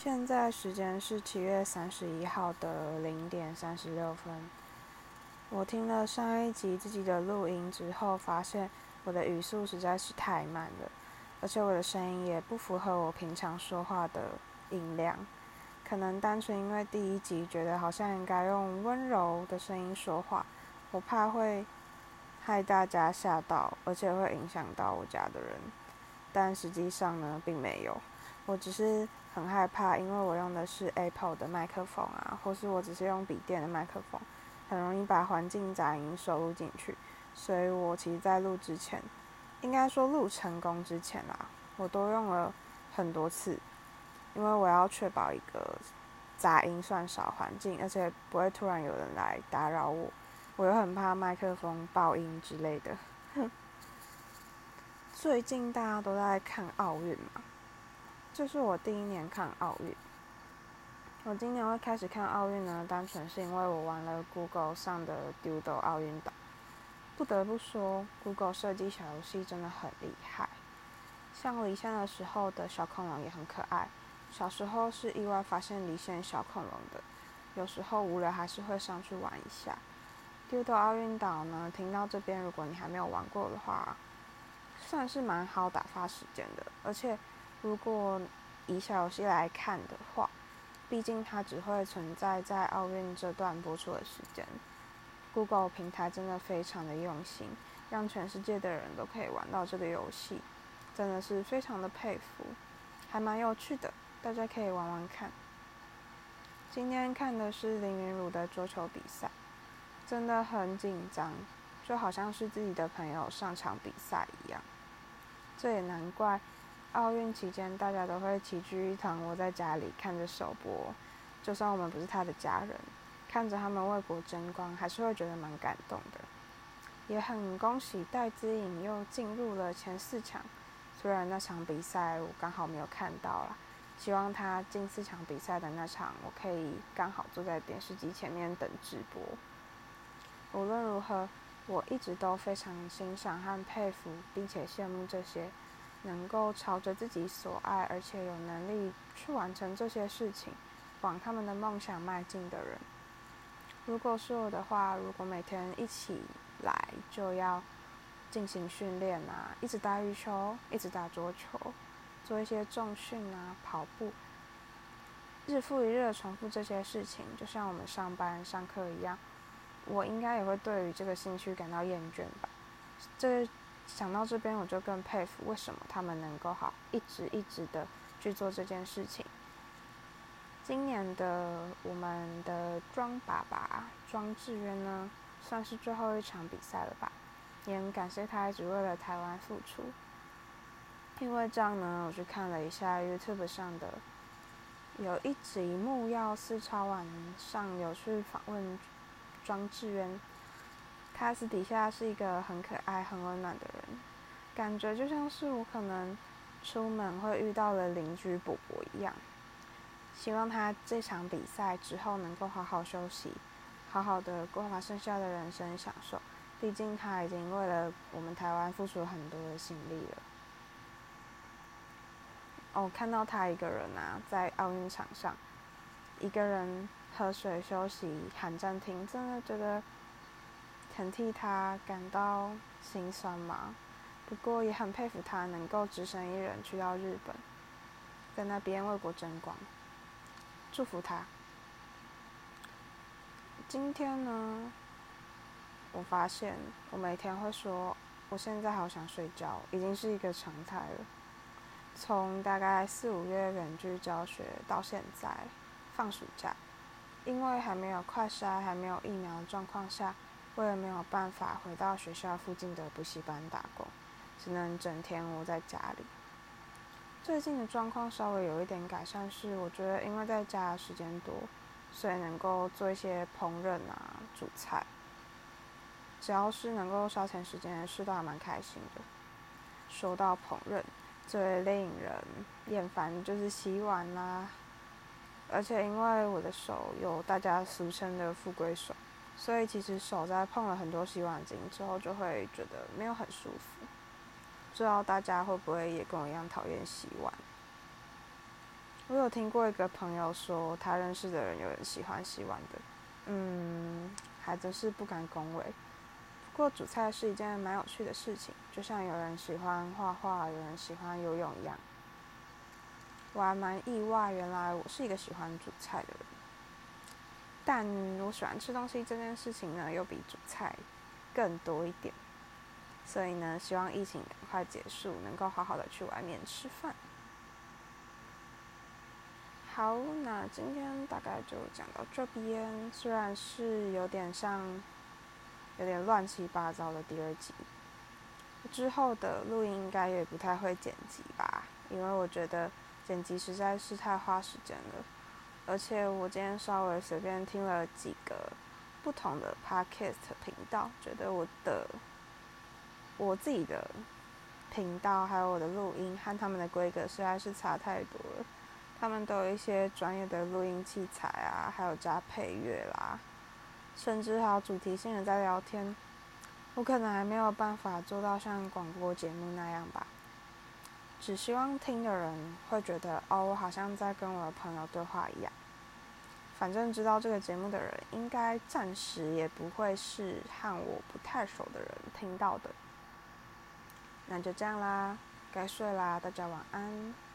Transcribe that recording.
現在時間是七月三十一號的零點三十六分。我聽了上一集自己的錄音之後，發現我的語速實在是太慢了，而且我的聲音也不符合我平常說話的音量。可能單純因為第一集覺得好像應該用溫柔的聲音說話，我怕會害大家嚇到，而且會影響到我家的人。但實際上呢，並沒有。我只是很害怕，因為我用的是 Apple 的麥克風啊，或是我只是用筆電的麥克風，很容易把環境雜音收錄進去。所以我其實在錄之前，應該說錄成功之前啦、啊，我都用了很多次，因為我要確保一個雜音算少環境，而且不會突然有人來打擾我。我又很怕麥克風爆音之類的。最近大家都在看奧運嘛。這是我第一年看奧運。我今年會開始看奧運呢，單純是因為我玩了 Google 上的 Doodle 奧運島。不得不說，Google 設計小遊戲真的很厲害。像離線的時候的小恐龍也很可愛。小時候是意外發現離線小恐龍的。有時候無聊還是會上去玩一下。Doodle 奧運島呢，聽到這邊，如果你還沒有玩過的話，算是蠻好打發時間的，而且。如果以小遊戲來看的話，畢竟它只會存在在奧運這段播出的時間。Google 平台真的非常的用心，讓全世界的人都可以玩到這個遊戲，真的是非常的佩服，還蠻有趣的，大家可以玩玩看。今天看的是林昀儒的桌球比賽，真的很緊張，就好像是自己的朋友上場比賽一樣。這也難怪。奧運期間，大家都會齊聚一堂。我在家裡看着首播，就算我們不是他的家人，看着他們為國爭光，還是會覺得蠻感動的。也很恭喜戴資穎又進入了前四強，雖然那場比賽我剛好沒有看到啦。希望他進四強比賽的那場，我可以剛好坐在電視機前面等直播。無論如何，我一直都非常欣賞和佩服，並且羨慕這些。能夠朝着自己所愛而且有能力去完成這些事情，往他們的夢想邁進的人。如果是我的話，如果每天一起來就要進行訓練啊，一直打羽球，一直打桌球，做一些重訓啊，跑步，日復一日的重複這些事情，就像我們上班上課一樣，我應該也會對於這個興趣感到厭倦吧？這。想到這邊，我就更佩服為什麼他們能夠好一直一直的去做這件事情。今年的我們的莊爸爸莊智淵呢，算是最後一場比賽了吧，也很感謝他一直為了台灣付出。因為這樣呢，我去看了一下 YouTube 上的，有一集木曜4超玩上有去訪問莊智淵。他私底下是一個很可愛、很溫暖的人，感覺就像是我可能出門會遇到的鄰居伯伯一樣。希望他這場比賽之後能夠好好休息，好好的過完剩下的人生，享受。畢竟他已經為了我們台灣付出很多的心力了。哦，看到他一個人啊，在奧運場上，一個人喝水休息、喊暫停，真的覺得。很替他感到心酸嘛，不過也很佩服他能夠只身一人去到日本，在那邊為國爭光，祝福他。今天呢，我發現我每天會說“我現在好想睡覺”，已經是一個常態了。從大概四五月遠距教學到現在，放暑假，因為還沒有快篩、還沒有疫苗的狀況下。我也沒有辦法回到學校附近的補習班打工，只能整天窩在家裡。最近的狀況稍微有一點改善，是我覺得因為在家時間多，所以能夠做一些烹飪啊，煮菜。只要是能夠消遣時間的事，都還蠻開心的。說到烹飪，最令人厭煩就是洗碗啊，而且因為我的手有大家俗稱的“富貴手”。所以其實手在碰了很多洗碗精之後，就會覺得沒有很舒服。不知道大家會不會也跟我一樣討厭洗碗？我有聽過一個朋友說，他認識的人有人喜歡洗碗的，嗯，還真是不敢恭維。不過煮菜是一件蠻有趣的事情，就像有人喜歡畫畫，有人喜歡游泳一樣。我還蠻意外，原來我是一個喜歡煮菜的人。但我喜歡吃東西這件事情呢，又比煮菜更多一點，所以呢，希望疫情趕快結束，能夠好好的去外面吃飯。好，那今天大概就講到這邊，雖然是有點像有點亂七八糟的第二集，之後的錄音應該也不太會剪輯吧，因為我覺得剪輯實在是太花時間了。而且我今天稍微隨便聽了幾個不同的 podcast 頻道，覺得我的、我自己的頻道還有我的錄音和他們的規格實在是差太多了。他們都有一些專業的錄音器材啊，還有加配樂啦，甚至還有主題性的在聊天。我可能還沒有辦法做到像廣播節目那樣吧。只希望聽的人會覺得，哦，我好像在跟我的朋友對話一樣。反正知道這個節目的人，應該暫時也不會是和我不太熟的人聽到的。那就這樣啦，該睡啦，大家晚安。